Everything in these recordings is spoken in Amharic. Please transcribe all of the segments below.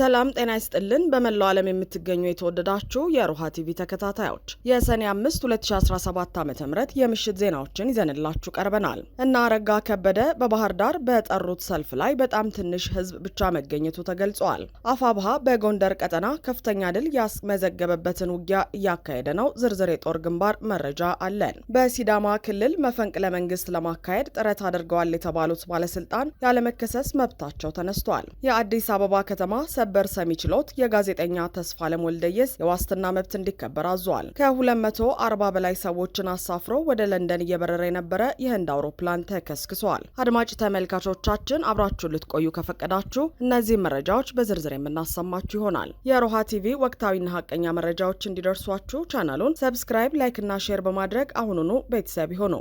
ሰላም ጤና ይስጥልን። በመላው ዓለም የምትገኙ የተወደዳችሁ የሮሃ ቲቪ ተከታታዮች የሰኔ 5 2017 ዓ ም የምሽት ዜናዎችን ይዘንላችሁ ቀርበናል እና አረጋ ከበደ በባህር ዳር በጠሩት ሰልፍ ላይ በጣም ትንሽ ህዝብ ብቻ መገኘቱ ተገልጿል። አፋብሃ በጎንደር ቀጠና ከፍተኛ ድል ያስመዘገበበትን ውጊያ እያካሄደ ነው። ዝርዝር የጦር ግንባር መረጃ አለን። በሲዳማ ክልል መፈንቅለ መንግስት ለማካሄድ ጥረት አድርገዋል የተባሉት ባለስልጣን ያለመከሰስ መብታቸው ተነስቷል። የአዲስ አበባ ከተማ የሰበር ሰሚ ችሎት የጋዜጠኛ ተስፋለም ወልደየስ የዋስትና መብት እንዲከበር አዟል። ከ240 በላይ ሰዎችን አሳፍሮ ወደ ለንደን እየበረረ የነበረ የህንድ አውሮፕላን ተከስክሷል። አድማጭ ተመልካቾቻችን አብራችሁ ልትቆዩ ከፈቀዳችሁ እነዚህ መረጃዎች በዝርዝር የምናሰማችሁ ይሆናል። የሮሃ ቲቪ ወቅታዊና ሀቀኛ መረጃዎች እንዲደርሷችሁ ቻናሉን ሰብስክራይብ፣ ላይክና ሼር በማድረግ አሁኑኑ ቤተሰብ ይሆኑ?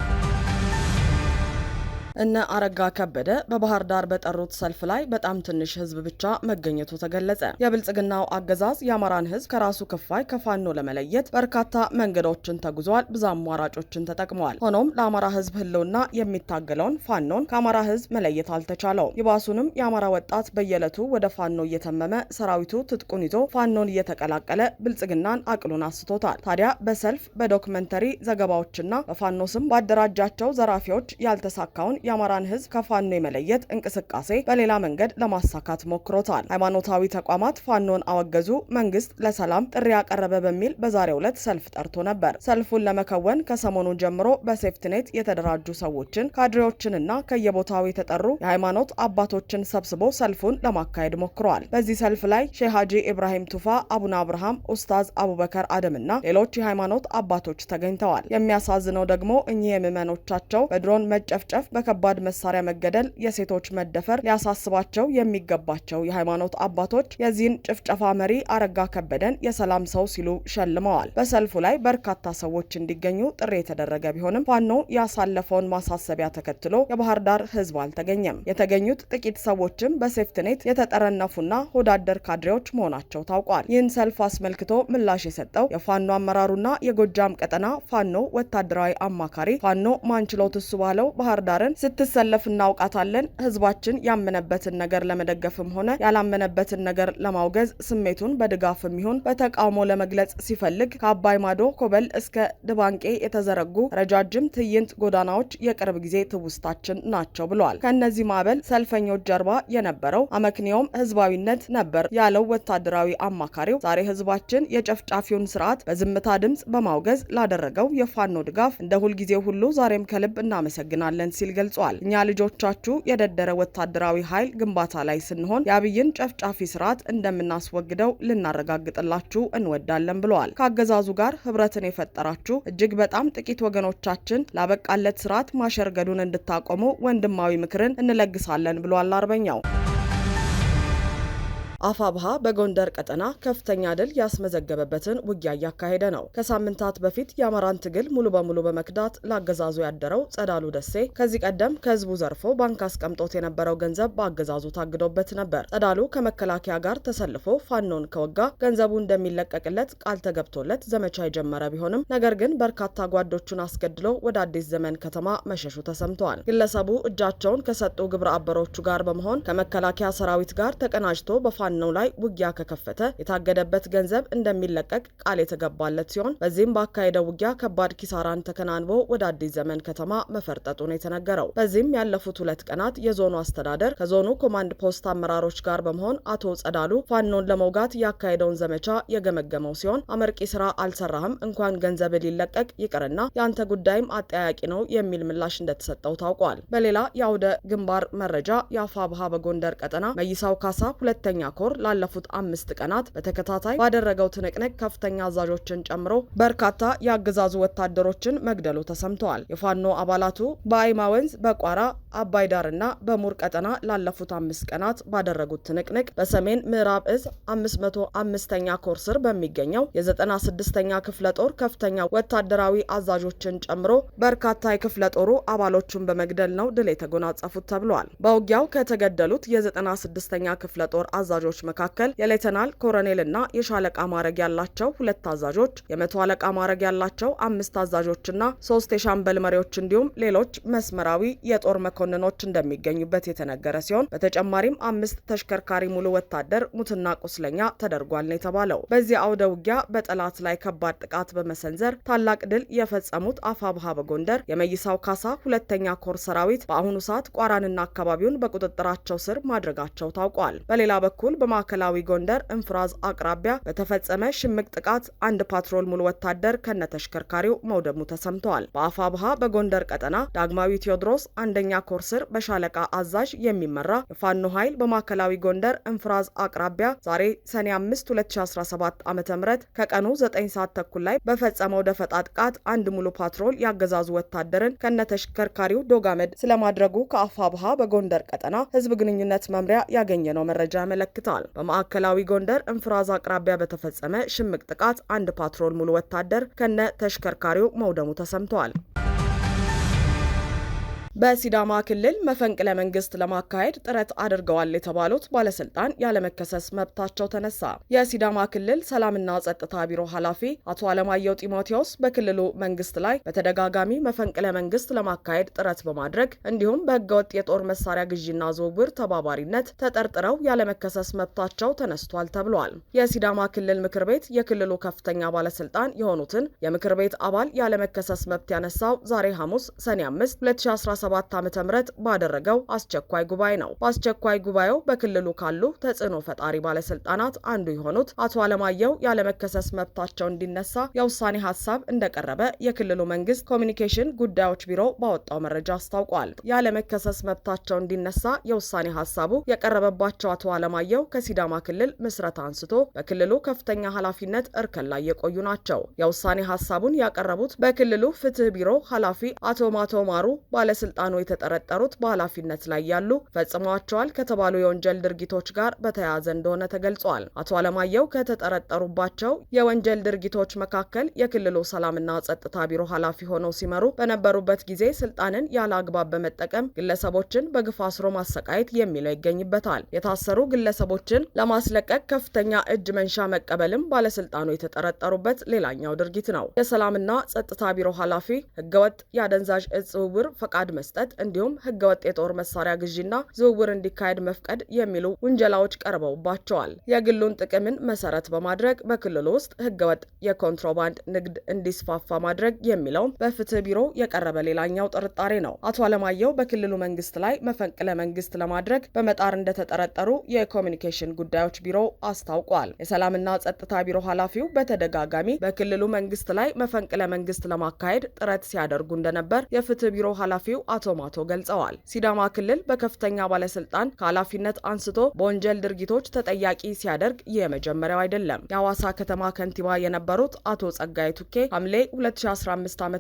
እነ አረጋ ከበደ በባህር ዳር በጠሩት ሰልፍ ላይ በጣም ትንሽ ህዝብ ብቻ መገኘቱ ተገለጸ። የብልጽግናው አገዛዝ የአማራን ህዝብ ከራሱ ክፋይ ከፋኖ ለመለየት በርካታ መንገዶችን ተጉዟል፣ ብዙ አማራጮችን ተጠቅመዋል። ሆኖም ለአማራ ህዝብ ህልውና የሚታገለውን ፋኖን ከአማራ ህዝብ መለየት አልተቻለውም። ይባሱንም የአማራ ወጣት በየዕለቱ ወደ ፋኖ እየተመመ ሰራዊቱ ትጥቁን ይዞ ፋኖን እየተቀላቀለ ብልጽግናን አቅሉን አስቶታል። ታዲያ በሰልፍ በዶክመንተሪ ዘገባዎችና በፋኖ ስም ባደራጃቸው ዘራፊዎች ያልተሳካውን የአማራን ህዝብ ከፋኖ የመለየት እንቅስቃሴ በሌላ መንገድ ለማሳካት ሞክሮታል። ሃይማኖታዊ ተቋማት ፋኖን አወገዙ፣ መንግስት ለሰላም ጥሪ ያቀረበ በሚል በዛሬው ዕለት ሰልፍ ጠርቶ ነበር። ሰልፉን ለመከወን ከሰሞኑ ጀምሮ በሴፍትኔት የተደራጁ ሰዎችን ካድሬዎችንና ከየቦታው የተጠሩ የሃይማኖት አባቶችን ሰብስቦ ሰልፉን ለማካሄድ ሞክረዋል። በዚህ ሰልፍ ላይ ሼህ ሐጂ ኢብራሂም ቱፋ፣ አቡነ አብርሃም፣ ኡስታዝ አቡበከር አደምና ሌሎች የሃይማኖት አባቶች ተገኝተዋል። የሚያሳዝነው ደግሞ እኚህ የምዕመኖቻቸው በድሮን መጨፍጨፍ በከ በከባድ መሳሪያ መገደል፣ የሴቶች መደፈር ሊያሳስባቸው የሚገባቸው የሃይማኖት አባቶች የዚህን ጭፍጨፋ መሪ አረጋ ከበደን የሰላም ሰው ሲሉ ሸልመዋል። በሰልፉ ላይ በርካታ ሰዎች እንዲገኙ ጥሪ የተደረገ ቢሆንም ፋኖ ያሳለፈውን ማሳሰቢያ ተከትሎ የባህር ዳር ህዝብ አልተገኘም። የተገኙት ጥቂት ሰዎችም በሴፍትኔት የተጠረነፉና ሆዳደር ካድሬዎች መሆናቸው ታውቋል። ይህን ሰልፍ አስመልክቶ ምላሽ የሰጠው የፋኖ አመራሩና የጎጃም ቀጠና ፋኖ ወታደራዊ አማካሪ ፋኖ ማንችሎት እሱ ባለው ባህር ዳርን ስትሰለፍ እናውቃታለን። ህዝባችን ያመነበትን ነገር ለመደገፍም ሆነ ያላመነበትን ነገር ለማውገዝ ስሜቱን በድጋፍም ይሁን በተቃውሞ ለመግለጽ ሲፈልግ ከአባይ ማዶ ኮበል እስከ ድባንቄ የተዘረጉ ረጃጅም ትዕይንት ጎዳናዎች የቅርብ ጊዜ ትውስታችን ናቸው ብለዋል። ከእነዚህ ማዕበል ሰልፈኞች ጀርባ የነበረው አመክንዮም ህዝባዊነት ነበር ያለው ወታደራዊ አማካሪው ዛሬ ህዝባችን የጨፍጫፊውን ስርዓት በዝምታ ድምፅ በማውገዝ ላደረገው የፋኖ ድጋፍ እንደ ሁልጊዜ ሁሉ ዛሬም ከልብ እናመሰግናለን ሲል ገልጿል። ገልጿል። እኛ ልጆቻችሁ የደደረ ወታደራዊ ኃይል ግንባታ ላይ ስንሆን የአብይን ጨፍጫፊ ስርዓት እንደምናስወግደው ልናረጋግጥላችሁ እንወዳለን ብለዋል። ከአገዛዙ ጋር ህብረትን የፈጠራችሁ እጅግ በጣም ጥቂት ወገኖቻችን ላበቃለት ስርዓት ማሸርገዱን እንድታቆሙ ወንድማዊ ምክርን እንለግሳለን ብሏል አርበኛው። አፋብሃ በጎንደር ቀጠና ከፍተኛ ድል ያስመዘገበበትን ውጊያ እያካሄደ ነው። ከሳምንታት በፊት የአማራን ትግል ሙሉ በሙሉ በመክዳት ለአገዛዙ ያደረው ጸዳሉ ደሴ ከዚህ ቀደም ከህዝቡ ዘርፎ ባንክ አስቀምጦት የነበረው ገንዘብ በአገዛዙ ታግዶበት ነበር። ጸዳሉ ከመከላከያ ጋር ተሰልፎ ፋኖን ከወጋ ገንዘቡ እንደሚለቀቅለት ቃል ተገብቶለት ዘመቻ የጀመረ ቢሆንም ነገር ግን በርካታ ጓዶቹን አስገድሎ ወደ አዲስ ዘመን ከተማ መሸሹ ተሰምተዋል። ግለሰቡ እጃቸውን ከሰጡ ግብረ አበሮቹ ጋር በመሆን ከመከላከያ ሰራዊት ጋር ተቀናጅቶ በፋ በፋኖው ላይ ውጊያ ከከፈተ የታገደበት ገንዘብ እንደሚለቀቅ ቃል የተገባለት ሲሆን በዚህም ባካሄደው ውጊያ ከባድ ኪሳራን ተከናንቦ ወደ አዲስ ዘመን ከተማ መፈርጠጡ ነው የተነገረው። በዚህም ያለፉት ሁለት ቀናት የዞኑ አስተዳደር ከዞኑ ኮማንድ ፖስት አመራሮች ጋር በመሆን አቶ ጸዳሉ ፋኖን ለመውጋት ያካሄደውን ዘመቻ የገመገመው ሲሆን አመርቂ ስራ አልሰራህም እንኳን ገንዘብ ሊለቀቅ ይቅርና የአንተ ጉዳይም አጠያቂ ነው የሚል ምላሽ እንደተሰጠው ታውቋል። በሌላ የአውደ ግንባር መረጃ የአፋ ባሃ በጎንደር ቀጠና መይሳው ካሳ ሁለተኛ ኮር ላለፉት አምስት ቀናት በተከታታይ ባደረገው ትንቅንቅ ከፍተኛ አዛዦችን ጨምሮ በርካታ የአገዛዙ ወታደሮችን መግደሉ ተሰምተዋል። የፋኖ አባላቱ በአይማ ወንዝ፣ በቋራ አባይ ዳርና በሙር ቀጠና ላለፉት አምስት ቀናት ባደረጉት ትንቅንቅ በሰሜን ምዕራብ እዝ 505ኛ ኮር ስር በሚገኘው የዘጠና ስድስተኛ ክፍለ ጦር ከፍተኛ ወታደራዊ አዛዦችን ጨምሮ በርካታ የክፍለ ጦሩ አባሎቹን በመግደል ነው ድል የተጎናጸፉት ተብሏል። በውጊያው ከተገደሉት የዘጠና ስድስተኛ ክፍለ ጦር አዛዦ አዛዦች መካከል የሌተናል ኮሎኔልና የሻለቃ ማዕረግ ያላቸው ሁለት አዛዦች፣ የመቶ አለቃ ማዕረግ ያላቸው አምስት አዛዦችና ሶስት የሻምበል መሪዎች እንዲሁም ሌሎች መስመራዊ የጦር መኮንኖች እንደሚገኙበት የተነገረ ሲሆን በተጨማሪም አምስት ተሽከርካሪ ሙሉ ወታደር ሙትና ቁስለኛ ተደርጓል ነው የተባለው። በዚህ አውደ ውጊያ በጠላት ላይ ከባድ ጥቃት በመሰንዘር ታላቅ ድል የፈጸሙት አፋብሃ በጎንደር የመይሳው ካሳ ሁለተኛ ኮር ሰራዊት በአሁኑ ሰዓት ቋራንና አካባቢውን በቁጥጥራቸው ስር ማድረጋቸው ታውቋል። በሌላ በኩል በማዕከላዊ ጎንደር እንፍራዝ አቅራቢያ በተፈጸመ ሽምቅ ጥቃት አንድ ፓትሮል ሙሉ ወታደር ከነተሽከርካሪው መውደሙ ተሰምተዋል። በአፋብሃ በጎንደር ቀጠና ዳግማዊ ቴዎድሮስ አንደኛ ኮርስር በሻለቃ አዛዥ የሚመራ የፋኖ ኃይል በማዕከላዊ ጎንደር እንፍራዝ አቅራቢያ ዛሬ ሰኔ 5 2017 ዓ ም ከቀኑ 9 ሰዓት ተኩል ላይ በፈጸመው ደፈጣ ጥቃት አንድ ሙሉ ፓትሮል ያገዛዙ ወታደርን ከነተሽከርካሪው ዶጋመድ ስለማድረጉ ከአፋብሃ በጎንደር ቀጠና ህዝብ ግንኙነት መምሪያ ያገኘነው መረጃ ያመለክታል። ተመልክተዋል። በማዕከላዊ ጎንደር እንፍራዝ አቅራቢያ በተፈጸመ ሽምቅ ጥቃት አንድ ፓትሮል ሙሉ ወታደር ከነ ተሽከርካሪው መውደሙ ተሰምተዋል። በሲዳማ ክልል መፈንቅለ መንግስት ለማካሄድ ጥረት አድርገዋል የተባሉት ባለስልጣን ያለመከሰስ መብታቸው ተነሳ። የሲዳማ ክልል ሰላምና ጸጥታ ቢሮ ኃላፊ አቶ አለማየሁ ጢሞቴዎስ በክልሉ መንግስት ላይ በተደጋጋሚ መፈንቅለ መንግስት ለማካሄድ ጥረት በማድረግ እንዲሁም በህገወጥ የጦር መሳሪያ ግዢና ዝውውር ተባባሪነት ተጠርጥረው ያለመከሰስ መብታቸው ተነስቷል ተብሏል። የሲዳማ ክልል ምክር ቤት የክልሉ ከፍተኛ ባለስልጣን የሆኑትን የምክር ቤት አባል ያለመከሰስ መብት ያነሳው ዛሬ ሐሙስ ሰኔ 5 2017 2017 ዓ ም ባደረገው አስቸኳይ ጉባኤ ነው። በአስቸኳይ ጉባኤው በክልሉ ካሉ ተጽዕኖ ፈጣሪ ባለስልጣናት አንዱ የሆኑት አቶ አለማየሁ ያለመከሰስ መብታቸው እንዲነሳ የውሳኔ ሀሳብ እንደቀረበ የክልሉ መንግስት ኮሚኒኬሽን ጉዳዮች ቢሮ ባወጣው መረጃ አስታውቋል። ያለመከሰስ መብታቸው እንዲነሳ የውሳኔ ሀሳቡ የቀረበባቸው አቶ አለማየሁ ከሲዳማ ክልል ምስረት አንስቶ በክልሉ ከፍተኛ ኃላፊነት እርከን ላይ የቆዩ ናቸው። የውሳኔ ሀሳቡን ያቀረቡት በክልሉ ፍትህ ቢሮ ኃላፊ አቶ ማቶ ማሩ ባለስልጣ ባለስልጣኑ የተጠረጠሩት በኃላፊነት ላይ ያሉ ፈጽመዋቸዋል ከተባሉ የወንጀል ድርጊቶች ጋር በተያያዘ እንደሆነ ተገልጿል። አቶ አለማየሁ ከተጠረጠሩባቸው የወንጀል ድርጊቶች መካከል የክልሉ ሰላምና ጸጥታ ቢሮ ኃላፊ ሆነው ሲመሩ በነበሩበት ጊዜ ስልጣንን ያለ አግባብ በመጠቀም ግለሰቦችን በግፍ አስሮ ማሰቃየት የሚለው ይገኝበታል። የታሰሩ ግለሰቦችን ለማስለቀቅ ከፍተኛ እጅ መንሻ መቀበልም ባለስልጣኑ የተጠረጠሩበት ሌላኛው ድርጊት ነው። የሰላምና ጸጥታ ቢሮ ኃላፊ ህገወጥ የአደንዛዥ እጽ ዝውውር ፈቃድ መስ መስጠት እንዲሁም ህገወጥ የጦር መሳሪያ ግዢና ዝውውር እንዲካሄድ መፍቀድ የሚሉ ውንጀላዎች ቀርበውባቸዋል። የግሉን ጥቅምን መሰረት በማድረግ በክልሉ ውስጥ ህገወጥ የኮንትሮባንድ ንግድ እንዲስፋፋ ማድረግ የሚለውም በፍትህ ቢሮ የቀረበ ሌላኛው ጥርጣሬ ነው። አቶ አለማየሁ በክልሉ መንግስት ላይ መፈንቅለ መንግስት ለማድረግ በመጣር እንደተጠረጠሩ የኮሚኒኬሽን ጉዳዮች ቢሮ አስታውቋል። የሰላምና ጸጥታ ቢሮ ኃላፊው በተደጋጋሚ በክልሉ መንግስት ላይ መፈንቅለ መንግስት ለማካሄድ ጥረት ሲያደርጉ እንደነበር የፍትህ ቢሮ ኃላፊው አ አቶ ማቶ ገልጸዋል። ሲዳማ ክልል በከፍተኛ ባለስልጣን ከኃላፊነት አንስቶ በወንጀል ድርጊቶች ተጠያቂ ሲያደርግ የመጀመሪያው አይደለም። የአዋሳ ከተማ ከንቲባ የነበሩት አቶ ጸጋይ ቱኬ ሐምሌ 2015 ዓ ም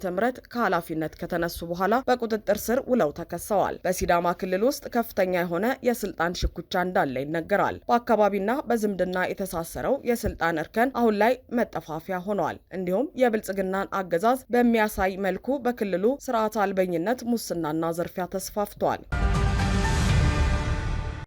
ከኃላፊነት ከተነሱ በኋላ በቁጥጥር ስር ውለው ተከሰዋል። በሲዳማ ክልል ውስጥ ከፍተኛ የሆነ የስልጣን ሽኩቻ እንዳለ ይነገራል። በአካባቢና በዝምድና የተሳሰረው የስልጣን እርከን አሁን ላይ መጠፋፊያ ሆኗል። እንዲሁም የብልጽግናን አገዛዝ በሚያሳይ መልኩ በክልሉ ስርዓት አልበኝነት ሙስና ሙስናና ዘርፊያ ተስፋፍቷል።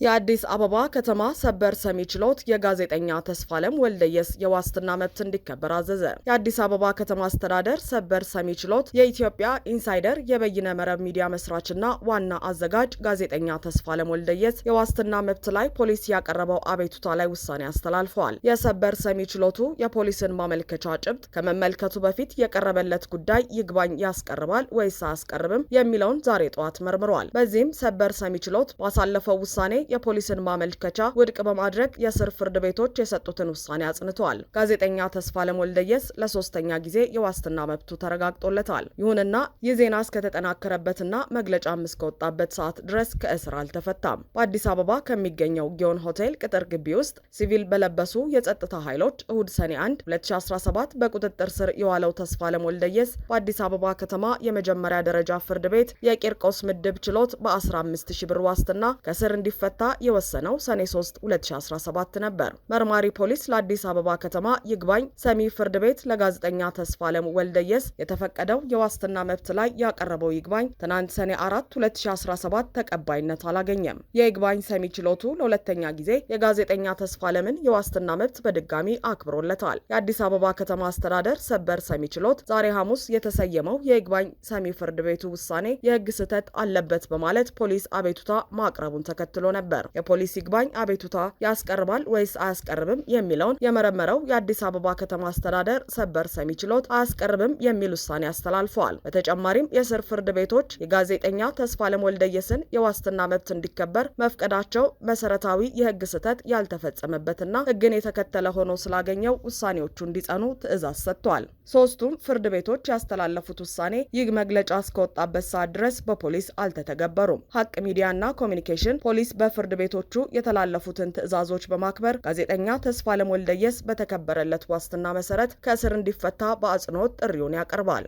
የአዲስ አበባ ከተማ ሰበር ሰሚ ችሎት የጋዜጠኛ ተስፋለም ወልደየስ የዋስትና መብት እንዲከበር አዘዘ። የአዲስ አበባ ከተማ አስተዳደር ሰበር ሰሚ ችሎት የኢትዮጵያ ኢንሳይደር የበይነ መረብ ሚዲያ መስራችና ዋና አዘጋጅ ጋዜጠኛ ተስፋለም ወልደየስ የዋስትና መብት ላይ ፖሊስ ያቀረበው አቤቱታ ላይ ውሳኔ አስተላልፈዋል። የሰበር ሰሚ ችሎቱ የፖሊስን ማመልከቻ ጭብጥ ከመመልከቱ በፊት የቀረበለት ጉዳይ ይግባኝ ያስቀርባል ወይስ አያስቀርብም የሚለውን ዛሬ ጠዋት መርምሯል። በዚህም ሰበር ሰሚ ችሎት ባሳለፈው ውሳኔ የፖሊስን ማመልከቻ ውድቅ በማድረግ የስር ፍርድ ቤቶች የሰጡትን ውሳኔ አጽንተዋል። ጋዜጠኛ ተስፋለም ወልደየስ ለሶስተኛ ጊዜ የዋስትና መብቱ ተረጋግጦለታል። ይሁንና ይህ ዜና እስከተጠናከረበትና መግለጫም እስከወጣበት ሰዓት ድረስ ከእስር አልተፈታም። በአዲስ አበባ ከሚገኘው ጊዮን ሆቴል ቅጥር ግቢ ውስጥ ሲቪል በለበሱ የጸጥታ ኃይሎች እሁድ ሰኔ 1 2017 በቁጥጥር ስር የዋለው ተስፋለም ወልደየስ በአዲስ አበባ ከተማ የመጀመሪያ ደረጃ ፍርድ ቤት የቂርቆስ ምድብ ችሎት በ15 ሺ ብር ዋስትና ከእስር እንዲፈታ እንዲፈታ የወሰነው ሰኔ 3 2017 ነበር። መርማሪ ፖሊስ ለአዲስ አበባ ከተማ ይግባኝ ሰሚ ፍርድ ቤት ለጋዜጠኛ ተስፋለም ወልደየስ የተፈቀደው የዋስትና መብት ላይ ያቀረበው ይግባኝ ትናንት ሰኔ 4 2017 ተቀባይነት አላገኘም። የይግባኝ ሰሚ ችሎቱ ለሁለተኛ ጊዜ የጋዜጠኛ ተስፋለምን የዋስትና መብት በድጋሚ አክብሮለታል። የአዲስ አበባ ከተማ አስተዳደር ሰበር ሰሚ ችሎት ዛሬ ሐሙስ የተሰየመው የይግባኝ ሰሚ ፍርድ ቤቱ ውሳኔ የህግ ስህተት አለበት በማለት ፖሊስ አቤቱታ ማቅረቡን ተከትሎ ነበር። ነበር። የፖሊስ ይግባኝ አቤቱታ ያስቀርባል ወይስ አያስቀርብም የሚለውን የመረመረው የአዲስ አበባ ከተማ አስተዳደር ሰበር ሰሚ ችሎት አያስቀርብም የሚል ውሳኔ አስተላልፈዋል። በተጨማሪም የስር ፍርድ ቤቶች የጋዜጠኛ ተስፋለም ወልደየስን የዋስትና መብት እንዲከበር መፍቀዳቸው መሰረታዊ የህግ ስህተት ያልተፈጸመበትና ህግን የተከተለ ሆኖ ስላገኘው ውሳኔዎቹ እንዲጸኑ ትዕዛዝ ሰጥቷል። ሶስቱም ፍርድ ቤቶች ያስተላለፉት ውሳኔ ይህ መግለጫ እስከወጣበት ሰዓት ድረስ በፖሊስ አልተተገበሩም። ሀቅ ሚዲያና ኮሚኒኬሽን ፖሊስ በ ፍርድ ቤቶቹ የተላለፉትን ትዕዛዞች በማክበር ጋዜጠኛ ተስፋለም ወልደየስ በተከበረለት ዋስትና መሰረት ከእስር እንዲፈታ በአጽንኦት ጥሪውን ያቀርባል።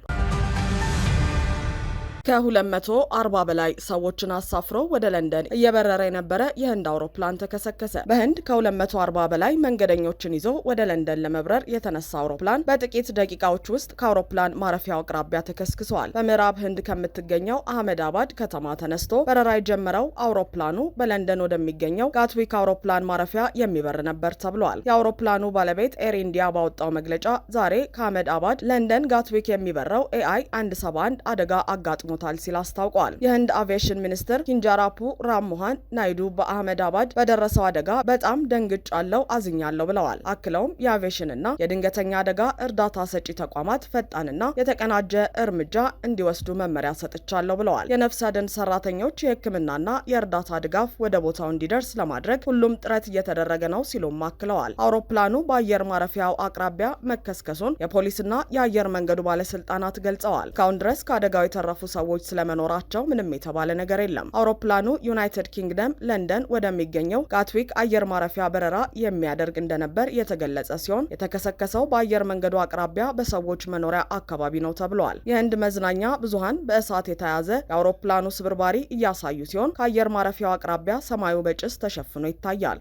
ከ240 በላይ ሰዎችን አሳፍሮ ወደ ለንደን እየበረረ የነበረ የህንድ አውሮፕላን ተከሰከሰ። በህንድ ከ240 በላይ መንገደኞችን ይዞ ወደ ለንደን ለመብረር የተነሳ አውሮፕላን በጥቂት ደቂቃዎች ውስጥ ከአውሮፕላን ማረፊያው አቅራቢያ ተከስክሰዋል። በምዕራብ ህንድ ከምትገኘው አህመድ አባድ ከተማ ተነስቶ በረራ የጀመረው አውሮፕላኑ በለንደን ወደሚገኘው ጋትዊክ አውሮፕላን ማረፊያ የሚበር ነበር ተብሏል። የአውሮፕላኑ ባለቤት ኤር ኢንዲያ ባወጣው መግለጫ ዛሬ ከአህመድ አባድ ለንደን ጋትዊክ የሚበረው ኤአይ 171 አደጋ አጋጥሞ ተጠቅሞታል ሲል አስታውቋል። የህንድ አቪዬሽን ሚኒስትር ኪንጃራፑ ራምሞሃን ናይዱ በአህመድ አባድ በደረሰው አደጋ በጣም ደንግጫለው፣ አዝኛለሁ ብለዋል። አክለውም የአቪዬሽንና የድንገተኛ አደጋ እርዳታ ሰጪ ተቋማት ፈጣንና የተቀናጀ እርምጃ እንዲወስዱ መመሪያ ሰጥቻለሁ ብለዋል። የነፍስ አድን ሰራተኞች የህክምናና የእርዳታ ድጋፍ ወደ ቦታው እንዲደርስ ለማድረግ ሁሉም ጥረት እየተደረገ ነው ሲሉም አክለዋል። አውሮፕላኑ በአየር ማረፊያው አቅራቢያ መከስከሱን የፖሊስና የአየር መንገዱ ባለስልጣናት ገልጸዋል። እስካሁን ድረስ ከአደጋው የተረፉ ሰዎች ሰዎች ስለመኖራቸው ምንም የተባለ ነገር የለም። አውሮፕላኑ ዩናይትድ ኪንግደም ለንደን ወደሚገኘው ጋትዊክ አየር ማረፊያ በረራ የሚያደርግ እንደነበር የተገለጸ ሲሆን የተከሰከሰው በአየር መንገዱ አቅራቢያ በሰዎች መኖሪያ አካባቢ ነው ተብለዋል። የህንድ መዝናኛ ብዙሃን በእሳት የተያዘ የአውሮፕላኑ ስብርባሪ እያሳዩ ሲሆን ከአየር ማረፊያው አቅራቢያ ሰማዩ በጭስ ተሸፍኖ ይታያል።